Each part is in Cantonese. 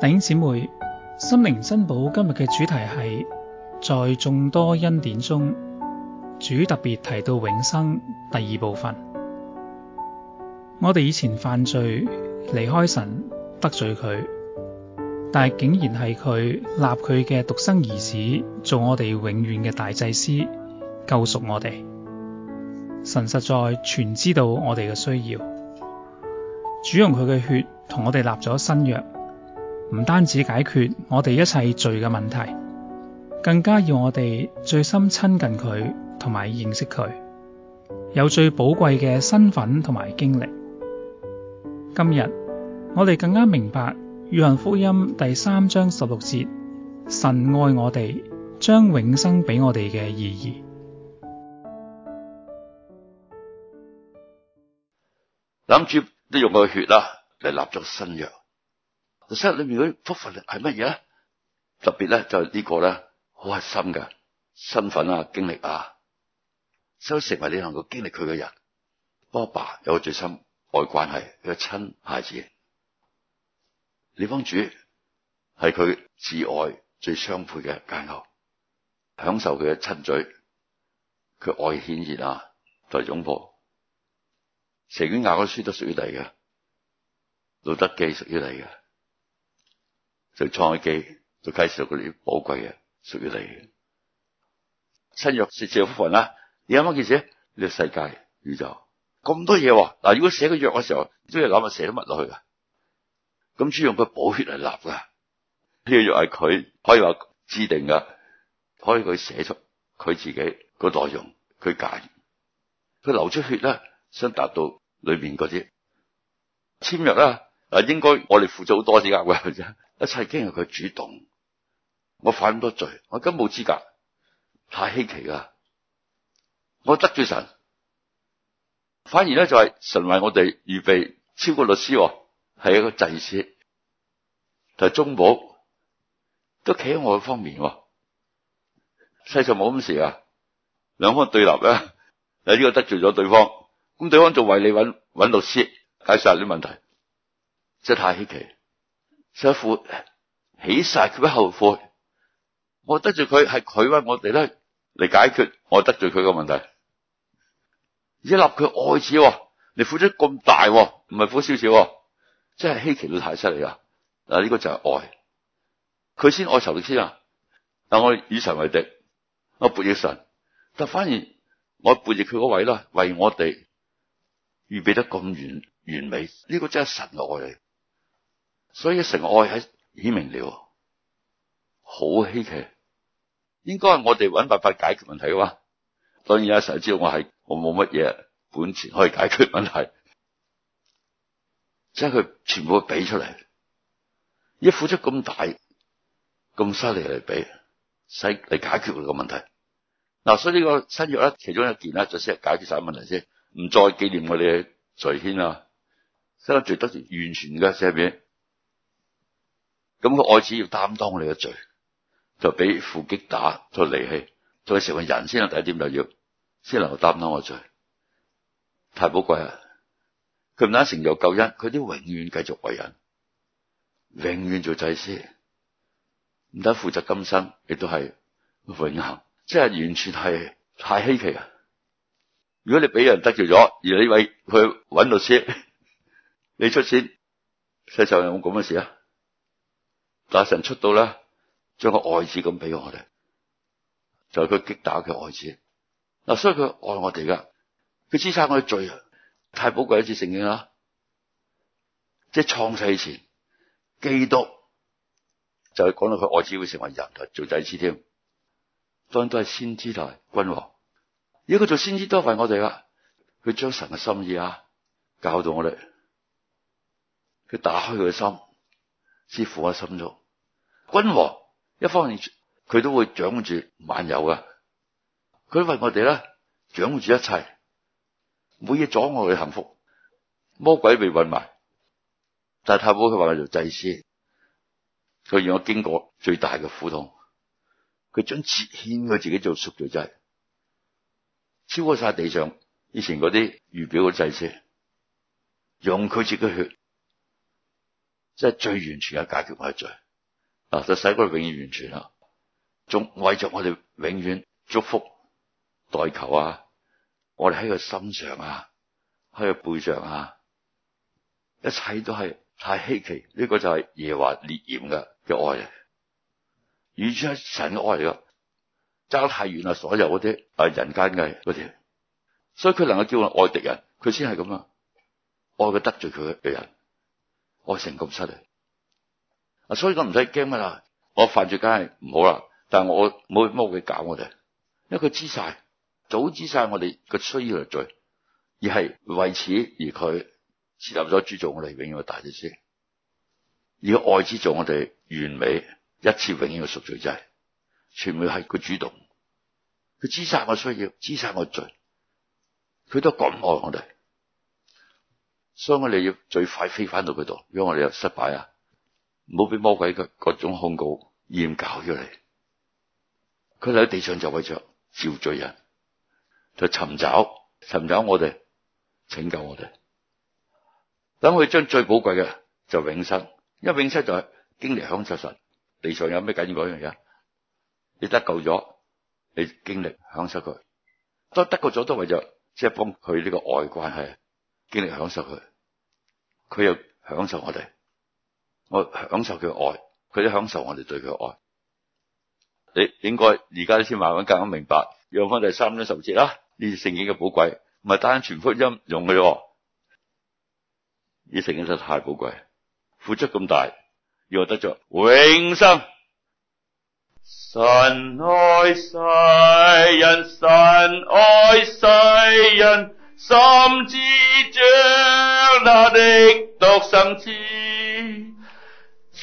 弟兄姊妹，心靈珍寶今日嘅主題係在眾多恩典中，主特別提到永生第二部分。我哋以前犯罪，離開神，得罪佢，但係竟然係佢立佢嘅獨生兒子做我哋永遠嘅大祭司，救贖我哋。神實在全知道我哋嘅需要，主用佢嘅血同我哋立咗新約。唔單止解決我哋一切罪嘅問題，更加要我哋最深親近佢同埋認識佢，有最寶貴嘅身份同埋經歷。今日我哋更加明白《約翰福音》第三章十六節，神愛我哋，將永生俾我哋嘅意義。諗住都用個血啦嚟立咗新約。《失樂園》裏面啲福分係乜嘢咧？特別咧就係呢個咧，好核心嘅身份啊、經歷啊，所以成為你能夠經歷佢嘅人，我阿爸有個最深愛關係嘅親孩子，李幫主係佢至愛最相配嘅佳偶，享受佢嘅親嘴，佢愛顯熱啊，代擁抱《雅歌》嗰本書都屬於你嘅，的《路德記屬於你嘅。就創嘅機，就介紹佢哋寶貴嘅，屬於你嘅新約是造福凡啦。你啱啱件事，呢個世界宇宙咁多嘢，嗱，如果寫個約嘅時候，你都要諗下寫啲乜落去啊？咁主要用佢寶血嚟立噶呢個約，係佢可以話制定噶，可以佢寫出佢自己個內容，佢解佢流出血啦，想達到裏邊嗰啲簽約啦。嗱，應該我哋付出好多先得嘅啫。一切經係佢主動，我犯咁多罪，我根本冇資格，太稀奇啦！我得罪神，反而咧就係神為我哋預備超過律師，係一個祭司。但係中保都企喺我嘅方面，世上冇咁事啊，兩方對立啊，你、這、呢個得罪咗對方，咁對方仲為你揾揾律師解釋下啲問題。即係太稀奇，所以付起晒，佢不後悔。我得罪佢係佢為我哋咧嚟解決我得罪佢嘅問題，而立佢愛子，你付出咁大，唔係苦少少，真係稀奇都太犀利啊！嗱，呢個就係愛，佢先愛仇敵先啊！但我以神為敵，我背住神，但反而我背住佢嗰位啦，為我哋預備得咁完完美，呢、這個真係神的愛嚟。所以成個愛係顯明了，好稀奇。應該係我哋揾辦法解決問題嘅話。當然阿神知道我係我冇乜嘢本錢可以解決問題，即係佢全部俾出嚟，一付出咁大咁犀利嚟俾，使嚟解決個問題嗱。所以呢個新約咧，其中一件咧，就先係解決晒問題先，唔再紀念我哋嘅罪愆啦。新約最多是完全嘅，係咪？咁佢愛子要擔當你嘅罪，就俾父擊打，再離棄，再成為人先。第一點就要，先能夠擔當我罪，太寶貴啦！佢唔單成就救恩，佢都永遠繼續為人，永遠做祭司。唔單負責今生，亦都係永恆，即係完全係太稀奇啊！如果你俾人得罪咗，而你位去搵律師，你出錢，世上有冇咁嘅事啊？但神出到咧，將個愛子咁俾我哋，就係佢擊打嘅愛子。嗱，所以佢愛我哋噶，佢支撐我哋罪啊！太寶貴一次聖經啦，即係創世前，基督就係、是、講到佢愛子會成為人做祭司添。當然都係先知嚟，大君王。如果佢做先知多份我哋㗎。佢將神嘅心意啊教到我哋，佢打開佢嘅心，施撫我心中。君王一方面佢都會掌住萬有㗎。佢為我哋咧掌住一切，每嘢阻礙佢幸福，魔鬼被困埋。但係太保佢話佢做祭司，佢要我經過最大嘅苦痛，佢將自謙佢自己做贖罪祭，超過晒地上以前嗰啲預表嘅祭司，用佢自己血，即係最完全嘅解決我嘅罪。嗱，就使佢永遠完全啦，仲為着我哋永遠祝福代求啊！我哋喺佢心上啊，喺佢背上啊，一切都係太稀奇。呢個就係耶華烈焰嘅嘅愛啊，完全係神嘅愛嚟噶，爭得太遠啦。所有啲誒人間嘅啲，所以佢能夠叫我們愛敵人，佢先係咁啊，愛佢得罪佢嘅人，愛成咁失禮！所以我唔使驚啦，我犯罪梗係唔好啦，但係我冇乜佢搞我哋，因為佢知晒，早知晒我哋個需要嘅罪，而係為此而佢設立咗主做我哋永遠嘅大祭司，以愛子做我哋完美一次永遠嘅贖罪祭，全部係佢主動，佢知晒我需要，知晒我罪，佢都咁愛我哋，所以我哋要最快飛翻到佢度，如果我哋又失敗啊。唔好俾魔鬼嘅各種控告、厭搞咗嚟。佢喺地上就為着召罪人，就尋找、尋找我哋，拯救我哋。等佢將最寶貴嘅就永生，因為永生就係經歷享受神。地上有咩緊要嗰樣嘢？你得救咗，你經歷享受佢。得得救咗，都為咗，即係幫佢呢個愛關係經歷享受佢，佢又享受我哋。我享受佢嘅愛，佢都享受我哋對佢嘅愛。你應該而家先慢慢更加明白。用翻第三章十節啦，呢啲聖經嘅寶貴唔係單純福音用嘅，呢啲聖經真係太寶貴，付出咁大，要得咗永生。神愛世人，神愛世人，甚至將他的獨生子。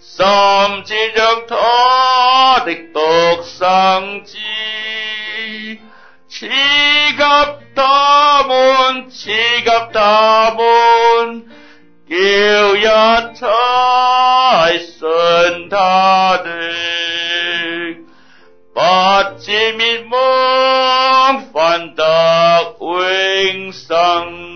甚至將他的獨生子，賜給他們，賜給他們，叫一切信他的，不至滅亡，反得永生。